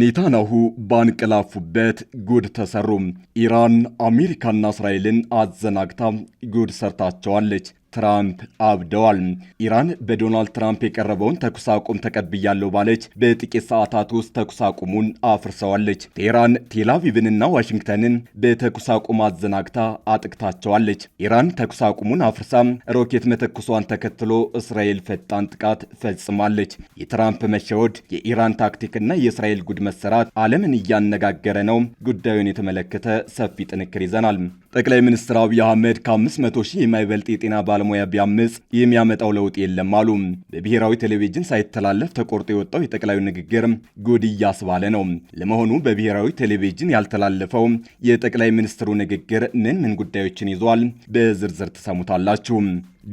ኔታንያሁ ባንቀላፉበት ጉድ ተሰሩ። ኢራን አሜሪካና እስራኤልን አዘናግታ ጉድ ሰርታቸዋለች። ትራምፕ አብደዋል። ኢራን በዶናልድ ትራምፕ የቀረበውን ተኩስ አቁም ተቀብያለሁ ባለች በጥቂት ሰዓታት ውስጥ ተኩስ አቁሙን አፍርሰዋለች። ቴህራን ቴላቪቭንና ዋሽንግተንን በተኩስ አቁም አዘናግታ አጥቅታቸዋለች። ኢራን ተኩስ አቁሙን አፍርሳ ሮኬት መተኩሷን ተከትሎ እስራኤል ፈጣን ጥቃት ፈጽማለች። የትራምፕ መሸወድ፣ የኢራን ታክቲክና የእስራኤል ጉድ መሰራት ዓለምን እያነጋገረ ነው። ጉዳዩን የተመለከተ ሰፊ ጥንክር ይዘናል። ጠቅላይ ሚኒስትር አብይ አህመድ ከ500 ሺህ የማይበልጥ የጤና ባለሙያ ቢያምፅ የሚያመጣው ለውጥ የለም አሉ። በብሔራዊ ቴሌቪዥን ሳይተላለፍ ተቆርጦ የወጣው የጠቅላዩ ንግግር ጉድ እያስባለ ነው። ለመሆኑ በብሔራዊ ቴሌቪዥን ያልተላለፈው የጠቅላይ ሚኒስትሩ ንግግር ምን ምን ጉዳዮችን ይዟል? በዝርዝር ትሰሙታላችሁ።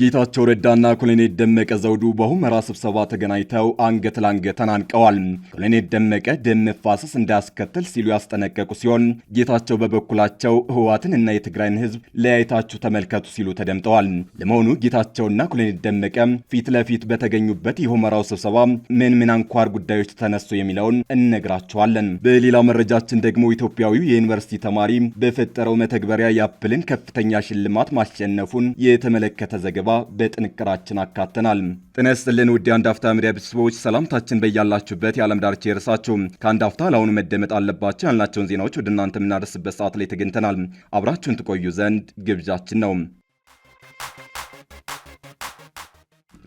ጌታቸው ረዳና ኮሎኔል ደመቀ ዘውዱ በሁመራ ስብሰባ ተገናኝተው አንገት ለአንገት ተናንቀዋል። ኮሎኔል ደመቀ ደም መፋሰስ እንዳያስከትል ሲሉ ያስጠነቀቁ ሲሆን ጌታቸው በበኩላቸው ህወሓትን እና የትግራይን ህዝብ ለያይታችሁ ተመልከቱ ሲሉ ተደምጠዋል። ለመሆኑ ጌታቸውና ኮሎኔል ደመቀ ፊት ለፊት በተገኙበት የሁመራው ስብሰባ ምን ምን አንኳር ጉዳዮች ተነሱ የሚለውን እነግራቸዋለን። በሌላ መረጃችን ደግሞ ኢትዮጵያዊው የዩኒቨርሲቲ ተማሪ በፈጠረው መተግበሪያ የአፕልን ከፍተኛ ሽልማት ማሸነፉን የተመለከተ ዘገባ ዘገባ በጥንቅራችን አካተናል። ጤና ይስጥልን ውድ የአንድ አፍታ ሚዲያ ቤተሰቦች፣ ሰላምታችን በያላችሁበት የዓለም ዳርቻ ይድረሳችሁ። ከአንድ አፍታ ለአሁኑ መደመጥ አለባቸው ያልናቸውን ዜናዎች ወደ እናንተ የምናደርስበት ሰዓት ላይ ተገኝተናል። አብራችሁን ትቆዩ ዘንድ ግብዣችን ነው።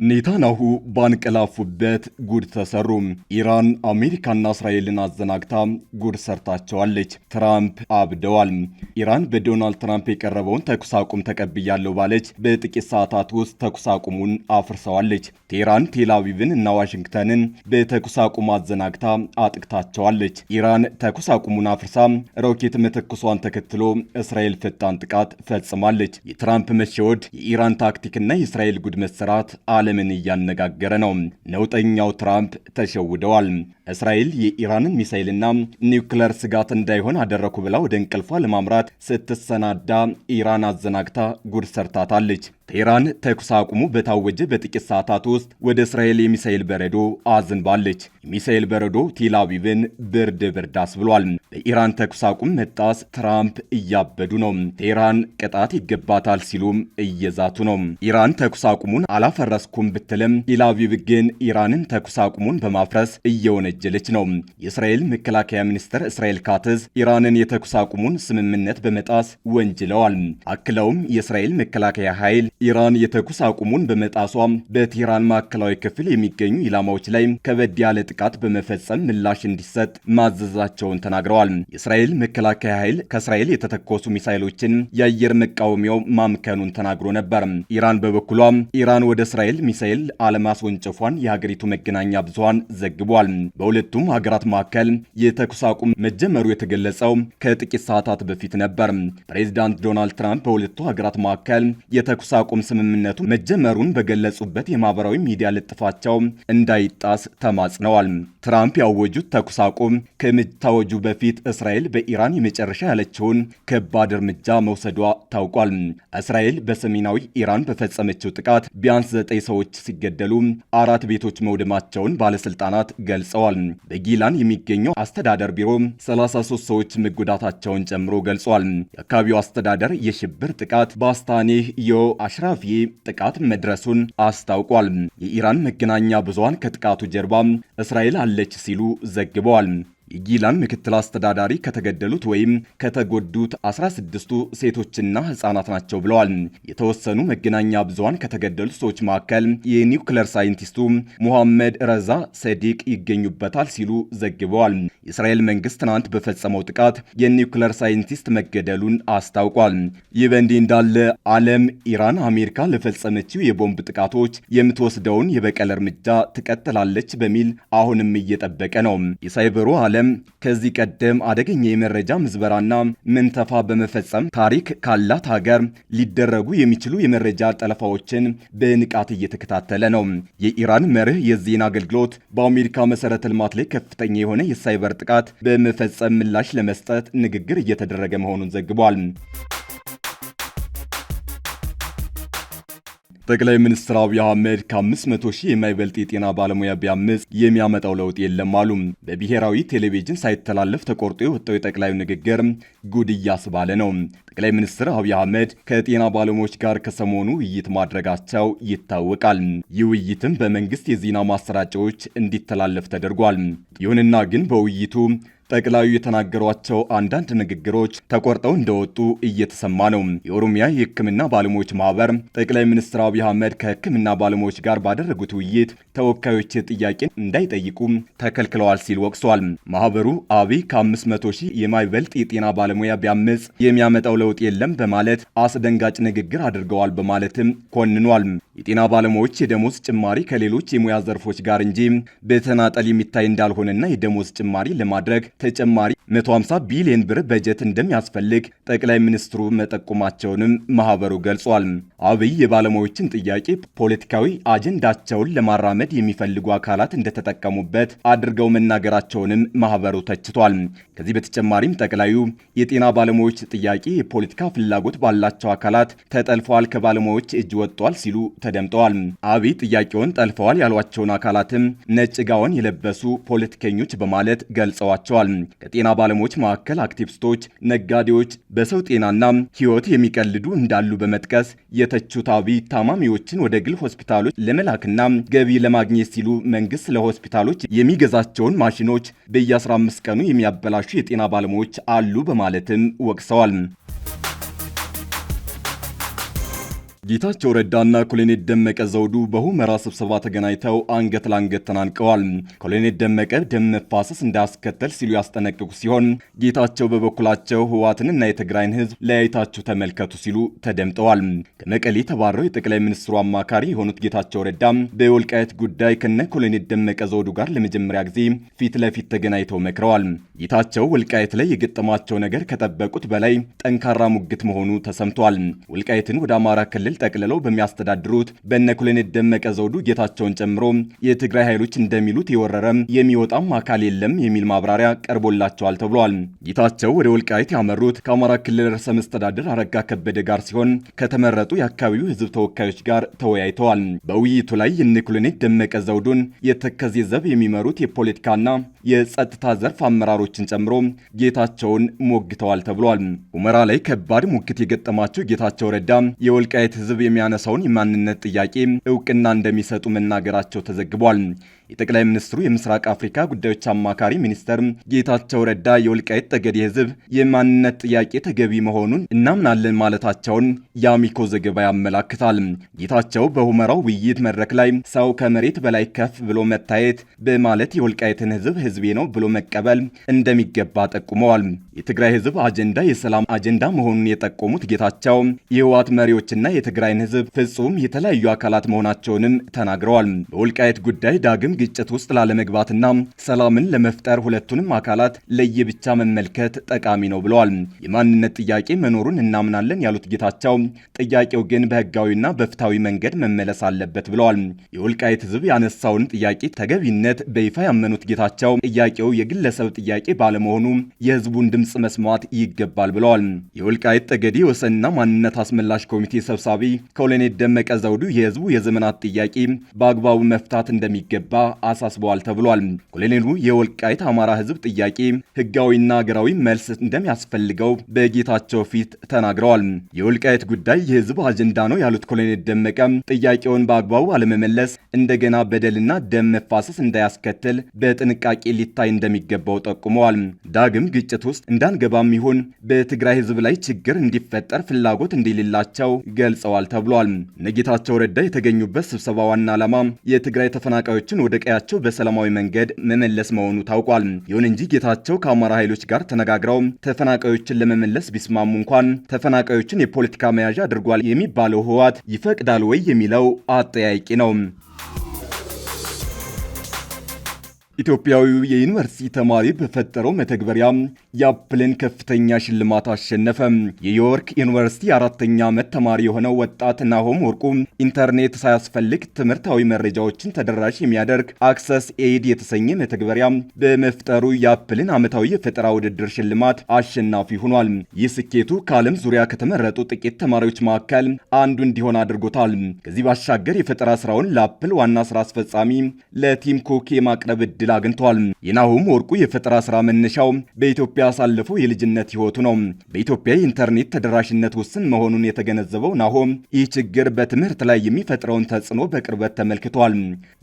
ኔታናሁ ባንቀላፉበት ጉድ ተሰሩ። ኢራን አሜሪካና እስራኤልን አዘናግታ ጉድ ሰርታቸዋለች። ትራምፕ አብደዋል። ኢራን በዶናልድ ትራምፕ የቀረበውን ተኩስ አቁም ተቀብያለሁ ባለች በጥቂት ሰዓታት ውስጥ ተኩስ አቁሙን አፍርሰዋለች። ቴህራን ቴላቪቭን እና ዋሽንግተንን በተኩስ አቁም አዘናግታ አጥቅታቸዋለች። ኢራን ተኩስ አቁሙን አፍርሳ ሮኬት መተኩሷን ተከትሎ እስራኤል ፈጣን ጥቃት ፈጽማለች። የትራምፕ መሸወድ የኢራን ታክቲክና የእስራኤል ጉድ መሰራት አለ ዓለምን እያነጋገረ ነው። ነውጠኛው ትራምፕ ተሸውደዋል። እስራኤል የኢራንን ሚሳይልና ኒውክለር ስጋት እንዳይሆን አደረኩ ብላ ወደ እንቅልፏ ለማምራት ስትሰናዳ ኢራን አዘናግታ ጉድ ሰርታታለች። ቴህራን ተኩስ አቁሙ በታወጀ በጥቂት ሰዓታት ውስጥ ወደ እስራኤል የሚሳኤል በረዶ አዝንባለች። የሚሳኤል በረዶ ቴልአቪቭን ብርድ ብርድ አስብሏል። በኢራን ተኩስ አቁም መጣስ ትራምፕ እያበዱ ነው። ቴህራን ቅጣት ይገባታል ሲሉም እየዛቱ ነው። ኢራን ተኩስ አቁሙን አላፈረስኩም ብትልም ቴልአቪቭ ግን ኢራንን ተኩስ አቁሙን በማፍረስ እየወነጀለች ነው። የእስራኤል መከላከያ ሚኒስትር እስራኤል ካትዝ ኢራንን የተኩስ አቁሙን ስምምነት በመጣስ ወንጅለዋል። አክለውም የእስራኤል መከላከያ ኃይል ኢራን የተኩስ አቁሙን በመጣሷ በቴህራን ማዕከላዊ ክፍል የሚገኙ ኢላማዎች ላይ ከበድ ያለ ጥቃት በመፈጸም ምላሽ እንዲሰጥ ማዘዛቸውን ተናግረዋል። የእስራኤል መከላከያ ኃይል ከእስራኤል የተተኮሱ ሚሳይሎችን የአየር መቃወሚያው ማምከኑን ተናግሮ ነበር። ኢራን በበኩሏ ኢራን ወደ እስራኤል ሚሳይል አለማስወንጨፏን የሀገሪቱ መገናኛ ብዙሃን ዘግቧል። በሁለቱም ሀገራት መካከል የተኩስ አቁም መጀመሩ የተገለጸው ከጥቂት ሰዓታት በፊት ነበር። ፕሬዚዳንት ዶናልድ ትራምፕ በሁለቱ ሀገራት መካከል የተኩስ የማቆም ስምምነቱ መጀመሩን በገለጹበት የማህበራዊ ሚዲያ ልጥፋቸው እንዳይጣስ ተማጽነዋል። ትራምፕ ያወጁት ተኩስ አቁም ከመታወጁ በፊት እስራኤል በኢራን የመጨረሻ ያለችውን ከባድ እርምጃ መውሰዷ ታውቋል። እስራኤል በሰሜናዊ ኢራን በፈጸመችው ጥቃት ቢያንስ ዘጠኝ ሰዎች ሲገደሉ አራት ቤቶች መውደማቸውን ባለስልጣናት ገልጸዋል። በጊላን የሚገኘው አስተዳደር ቢሮ 33 ሰዎች መጎዳታቸውን ጨምሮ ገልጿል። የአካባቢው አስተዳደር የሽብር ጥቃት በአስታኔ ዮ አሽራፊ ጥቃት መድረሱን አስታውቋል። የኢራን መገናኛ ብዙሃን ከጥቃቱ ጀርባ እስራኤል አለች ሲሉ ዘግበዋል። የጊላን ምክትል አስተዳዳሪ ከተገደሉት ወይም ከተጎዱት 16ቱ ሴቶችና ህጻናት ናቸው ብለዋል። የተወሰኑ መገናኛ ብዙሃን ከተገደሉት ሰዎች መካከል የኒውክለር ሳይንቲስቱ ሙሐመድ ረዛ ሰዲቅ ይገኙበታል ሲሉ ዘግበዋል። የእስራኤል መንግስት ትናንት በፈጸመው ጥቃት የኒውክለር ሳይንቲስት መገደሉን አስታውቋል። ይህ በእንዲህ እንዳለ ዓለም ኢራን አሜሪካ ለፈጸመችው የቦምብ ጥቃቶች የምትወስደውን የበቀል እርምጃ ትቀጥላለች በሚል አሁንም እየጠበቀ ነው። የሳይበሩ ዓለም አለም ከዚህ ቀደም አደገኛ የመረጃ ምዝበራና መንተፋ በመፈጸም ታሪክ ካላት ሀገር ሊደረጉ የሚችሉ የመረጃ ጠለፋዎችን በንቃት እየተከታተለ ነው። የኢራን መርህ የዜና አገልግሎት በአሜሪካ መሰረተ ልማት ላይ ከፍተኛ የሆነ የሳይበር ጥቃት በመፈጸም ምላሽ ለመስጠት ንግግር እየተደረገ መሆኑን ዘግቧል። ጠቅላይ ሚኒስትር አብይ አህመድ ከ500 ሺህ የማይበልጥ የጤና ባለሙያ ቢያምፅ የሚያመጣው ለውጥ የለም አሉ። በብሔራዊ ቴሌቪዥን ሳይተላለፍ ተቆርጦ የወጣው የጠቅላዩ ንግግር ጉድ እያስባለ ነው። ጠቅላይ ሚኒስትር አብይ አህመድ ከጤና ባለሙያዎች ጋር ከሰሞኑ ውይይት ማድረጋቸው ይታወቃል። ይህ ውይይትም በመንግስት የዜና ማሰራጫዎች እንዲተላለፍ ተደርጓል። ይሁንና ግን በውይይቱ ጠቅላዩ የተናገሯቸው አንዳንድ ንግግሮች ተቆርጠው እንደወጡ እየተሰማ ነው። የኦሮሚያ የሕክምና ባለሙያዎች ማህበር ጠቅላይ ሚኒስትር አብይ አህመድ ከሕክምና ባለሙያዎች ጋር ባደረጉት ውይይት ተወካዮች ጥያቄ እንዳይጠይቁ ተከልክለዋል ሲል ወቅሷል። ማህበሩ አብይ ከ500 ሺህ የማይበልጥ የጤና ባለሙያ ቢያምፅ የሚያመጣው ለውጥ የለም በማለት አስደንጋጭ ንግግር አድርገዋል በማለትም ኮንኗል። የጤና ባለሙያዎች የደሞዝ ጭማሪ ከሌሎች የሙያ ዘርፎች ጋር እንጂ በተናጠል የሚታይ እንዳልሆነና የደሞዝ ጭማሪ ለማድረግ ተጨማሪ 150 ቢሊዮን ብር በጀት እንደሚያስፈልግ ጠቅላይ ሚኒስትሩ መጠቆማቸውንም ማህበሩ ገልጿል። አብይ የባለሙያዎችን ጥያቄ ፖለቲካዊ አጀንዳቸውን ለማራመድ የሚፈልጉ አካላት እንደተጠቀሙበት አድርገው መናገራቸውንም ማህበሩ ተችቷል። ከዚህ በተጨማሪም ጠቅላዩ የጤና ባለሙያዎች ጥያቄ የፖለቲካ ፍላጎት ባላቸው አካላት ተጠልፈዋል፣ ከባለሙያዎች እጅ ወጥቷል ሲሉ ተደምጠዋል። አብይ ጥያቄውን ጠልፈዋል ያሏቸውን አካላትም ነጭ ጋውን የለበሱ ፖለቲከኞች በማለት ገልጸዋቸዋል። ተገልጿል። ከጤና ባለሙያዎች መካከል አክቲቪስቶች፣ ነጋዴዎች፣ በሰው ጤናና ህይወት የሚቀልዱ እንዳሉ በመጥቀስ የተቹት አብይ ታማሚዎችን ወደ ግል ሆስፒታሎች ለመላክና ገቢ ለማግኘት ሲሉ መንግስት ለሆስፒታሎች የሚገዛቸውን ማሽኖች በየ15 ቀኑ የሚያበላሹ የጤና ባለሙያዎች አሉ በማለትም ወቅሰዋል። ጌታቸው ረዳና ኮሎኔል ደመቀ ዘውዱ በሁመራ ስብሰባ ተገናኝተው አንገት ለአንገት ተናንቀዋል። ኮሎኔል ደመቀ ደም መፋሰስ እንዳያስከተል ሲሉ ያስጠነቅቁ ሲሆን ጌታቸው በበኩላቸው ህዋትንና የትግራይን ህዝብ ለያይታችሁ ተመልከቱ ሲሉ ተደምጠዋል። ከመቀሌ ተባረው የጠቅላይ ሚኒስትሩ አማካሪ የሆኑት ጌታቸው ረዳ በወልቃየት ጉዳይ ከነ ኮሎኔል ደመቀ ዘውዱ ጋር ለመጀመሪያ ጊዜ ፊት ለፊት ተገናኝተው መክረዋል። ጌታቸው ወልቃየት ላይ የገጠማቸው ነገር ከጠበቁት በላይ ጠንካራ ሙግት መሆኑ ተሰምቷል። ወልቃየትን ወደ አማራ ክልል ጠቅልለው በሚያስተዳድሩት በነ ኮሎኔል ደመቀ ዘውዱ ጌታቸውን ጨምሮ የትግራይ ኃይሎች እንደሚሉት የወረረም የሚወጣም አካል የለም የሚል ማብራሪያ ቀርቦላቸዋል ተብሏል። ጌታቸው ወደ ወልቃይት ያመሩት ከአማራ ክልል ርዕሰ መስተዳድር አረጋ ከበደ ጋር ሲሆን ከተመረጡ የአካባቢው ህዝብ ተወካዮች ጋር ተወያይተዋል። በውይይቱ ላይ የነ ኮሎኔል ደመቀ ዘውዱን የተከዜ ዘብ የሚመሩት የፖለቲካና የጸጥታ ዘርፍ አመራሮችን ጨምሮ ጌታቸውን ሞግተዋል ተብሏል። ሁመራ ላይ ከባድ ሙግት የገጠማቸው ጌታቸው ረዳ የወልቃይት ህዝብ የሚያነሳውን የማንነት ጥያቄ እውቅና እንደሚሰጡ መናገራቸው ተዘግቧል። የጠቅላይ ሚኒስትሩ የምስራቅ አፍሪካ ጉዳዮች አማካሪ ሚኒስተር ጌታቸው ረዳ የወልቃይት ጠገዴ ህዝብ የማንነት ጥያቄ ተገቢ መሆኑን እናምናለን ማለታቸውን የአሚኮ ዘገባ ያመላክታል። ጌታቸው በሁመራው ውይይት መድረክ ላይ ሰው ከመሬት በላይ ከፍ ብሎ መታየት በማለት የወልቃይትን ህዝብ ህዝቤ ነው ብሎ መቀበል እንደሚገባ ጠቁመዋል። የትግራይ ህዝብ አጀንዳ የሰላም አጀንዳ መሆኑን የጠቆሙት ጌታቸው የህወሓት መሪዎችና የትግራይ የትግራይን ህዝብ ፍጹም የተለያዩ አካላት መሆናቸውንም ተናግረዋል። በወልቃየት ጉዳይ ዳግም ግጭት ውስጥ ላለመግባትና ሰላምን ለመፍጠር ሁለቱንም አካላት ለየብቻ መመልከት ጠቃሚ ነው ብለዋል። የማንነት ጥያቄ መኖሩን እናምናለን ያሉት ጌታቸው ጥያቄው ግን በህጋዊና በፍትሐዊ መንገድ መመለስ አለበት ብለዋል። የወልቃየት ህዝብ ያነሳውን ጥያቄ ተገቢነት በይፋ ያመኑት ጌታቸው ጥያቄው የግለሰብ ጥያቄ ባለመሆኑ የህዝቡን ድምፅ መስማት ይገባል ብለዋል። የወልቃየት ጠገዴ ወሰንና ማንነት አስመላሽ ኮሚቴ ሰብሳቢ ኮሎኔል ደመቀ ዘውዱ የህዝቡ የዘመናት ጥያቄ በአግባቡ መፍታት እንደሚገባ አሳስበዋል ተብሏል። ኮሎኔሉ የወልቃይት አማራ ህዝብ ጥያቄ ህጋዊና ሀገራዊ መልስ እንደሚያስፈልገው በጌታቸው ፊት ተናግረዋል። የወልቃይት ጉዳይ የህዝብ አጀንዳ ነው ያሉት ኮሎኔል ደመቀ ጥያቄውን በአግባቡ አለመመለስ እንደገና በደልና ደም መፋሰስ እንዳያስከትል በጥንቃቄ ሊታይ እንደሚገባው ጠቁመዋል። ዳግም ግጭት ውስጥ እንዳንገባም ይሆን በትግራይ ህዝብ ላይ ችግር እንዲፈጠር ፍላጎት እንደሌላቸው ገልጸዋል። ተናግረዋል ተብሏል። እነ ጌታቸው ረዳ የተገኙበት ስብሰባ ዋና ዓላማ የትግራይ ተፈናቃዮችን ወደ ቀያቸው በሰላማዊ መንገድ መመለስ መሆኑ ታውቋል። ይሁን እንጂ ጌታቸው ከአማራ ኃይሎች ጋር ተነጋግረው ተፈናቃዮችን ለመመለስ ቢስማሙ እንኳን ተፈናቃዮችን የፖለቲካ መያዣ አድርጓል የሚባለው ህወሓት ይፈቅዳል ወይ የሚለው አጠያቂ ነው። ኢትዮጵያዊው የዩኒቨርሲቲ ተማሪ በፈጠረው መተግበሪያ የአፕልን ከፍተኛ ሽልማት አሸነፈ። የዮርክ ዩኒቨርሲቲ አራተኛ ዓመት ተማሪ የሆነው ወጣት ናሆም ወርቁ ኢንተርኔት ሳያስፈልግ ትምህርታዊ መረጃዎችን ተደራሽ የሚያደርግ አክሰስ ኤድ የተሰኘ መተግበሪያ በመፍጠሩ የአፕልን ዓመታዊ የፈጠራ ውድድር ሽልማት አሸናፊ ሆኗል። ይህ ስኬቱ ከዓለም ዙሪያ ከተመረጡ ጥቂት ተማሪዎች መካከል አንዱ እንዲሆን አድርጎታል። ከዚህ ባሻገር የፈጠራ ስራውን ለአፕል ዋና ስራ አስፈጻሚ ለቲም ኩክ የማቅረብ እድል እድል አግኝቷል። የናሆም ወርቁ የፈጠራ ስራ መነሻው በኢትዮጵያ ያሳለፈው የልጅነት ህይወቱ ነው። በኢትዮጵያ የኢንተርኔት ተደራሽነት ውስን መሆኑን የተገነዘበው ናሆም ይህ ችግር በትምህርት ላይ የሚፈጥረውን ተጽዕኖ በቅርበት ተመልክቷል።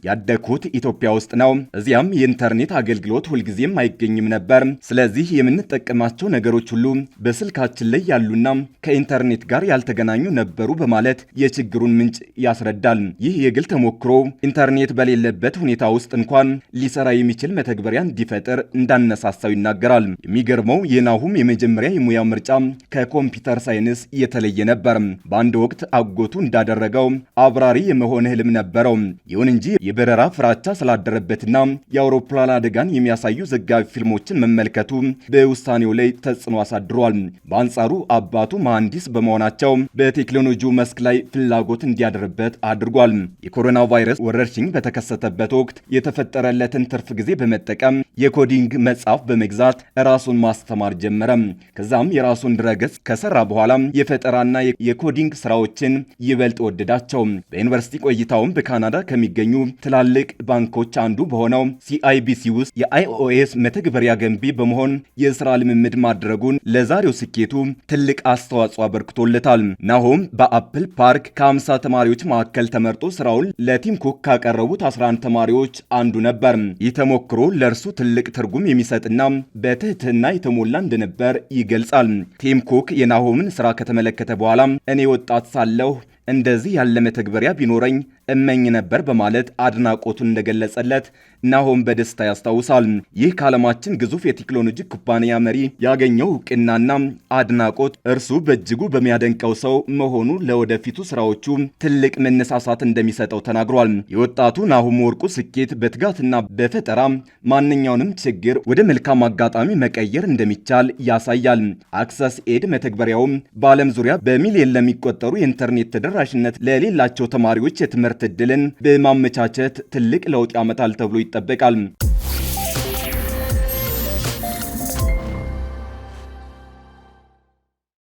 ያደግኩት ኢትዮጵያ ውስጥ ነው። እዚያም የኢንተርኔት አገልግሎት ሁልጊዜም አይገኝም ነበር። ስለዚህ የምንጠቀማቸው ነገሮች ሁሉ በስልካችን ላይ ያሉና ከኢንተርኔት ጋር ያልተገናኙ ነበሩ በማለት የችግሩን ምንጭ ያስረዳል። ይህ የግል ተሞክሮ ኢንተርኔት በሌለበት ሁኔታ ውስጥ እንኳን ሊሰራ የሚችል መተግበሪያ እንዲፈጠር እንዳነሳሳው ይናገራል። የሚገርመው የናሁም የመጀመሪያ የሙያ ምርጫ ከኮምፒውተር ሳይንስ የተለየ ነበር። በአንድ ወቅት አጎቱ እንዳደረገው አብራሪ የመሆን ህልም ነበረው። ይሁን እንጂ የበረራ ፍራቻ ስላደረበትና የአውሮፕላን አደጋን የሚያሳዩ ዘጋቢ ፊልሞችን መመልከቱ በውሳኔው ላይ ተጽዕኖ አሳድሯል። በአንጻሩ አባቱ መሐንዲስ በመሆናቸው በቴክኖሎጂው መስክ ላይ ፍላጎት እንዲያደርበት አድርጓል። የኮሮና ቫይረስ ወረርሽኝ በተከሰተበት ወቅት የተፈጠረለትን ትርፍ የትርፍ ጊዜ በመጠቀም የኮዲንግ መጽሐፍ በመግዛት ራሱን ማስተማር ጀመረ። ከዛም የራሱን ድረገጽ ከሰራ በኋላ የፈጠራና የኮዲንግ ስራዎችን ይበልጥ ወደዳቸው። በዩኒቨርሲቲ ቆይታውም በካናዳ ከሚገኙ ትላልቅ ባንኮች አንዱ በሆነው ሲአይቢሲ ውስጥ የአይኦኤስ መተግበሪያ ገንቢ በመሆን የስራ ልምምድ ማድረጉን ለዛሬው ስኬቱ ትልቅ አስተዋጽኦ አበርክቶለታል። ናሆም በአፕል ፓርክ ከ50 ተማሪዎች መካከል ተመርጦ ስራውን ለቲም ኩክ ካቀረቡት 11 ተማሪዎች አንዱ ነበር። ተሞክሮ ለእርሱ ትልቅ ትርጉም የሚሰጥና በትህትና የተሞላ እንደነበር ይገልጻል። ቲም ኩክ የናሆምን ስራ ከተመለከተ በኋላ እኔ ወጣት ሳለሁ እንደዚህ ያለ መተግበሪያ ቢኖረኝ እመኝ ነበር በማለት አድናቆቱን እንደገለጸለት ናሆም በደስታ ያስታውሳል። ይህ ከዓለማችን ግዙፍ የቴክኖሎጂ ኩባንያ መሪ ያገኘው እውቅናና አድናቆት እርሱ በእጅጉ በሚያደንቀው ሰው መሆኑ ለወደፊቱ ስራዎቹ ትልቅ መነሳሳት እንደሚሰጠው ተናግሯል። የወጣቱ ናሆም ወርቁ ስኬት በትጋትና በፈጠራ ማንኛውንም ችግር ወደ መልካም አጋጣሚ መቀየር እንደሚቻል ያሳያል። አክሰስ ኤድ መተግበሪያውም በዓለም ዙሪያ በሚሊዮን ለሚቆጠሩ የኢንተርኔት ተደራሽነት ለሌላቸው ተማሪዎች የትምህርት ዕድልን በማመቻቸት ትልቅ ለውጥ ያመጣል ተብሎ ይጠበቃል።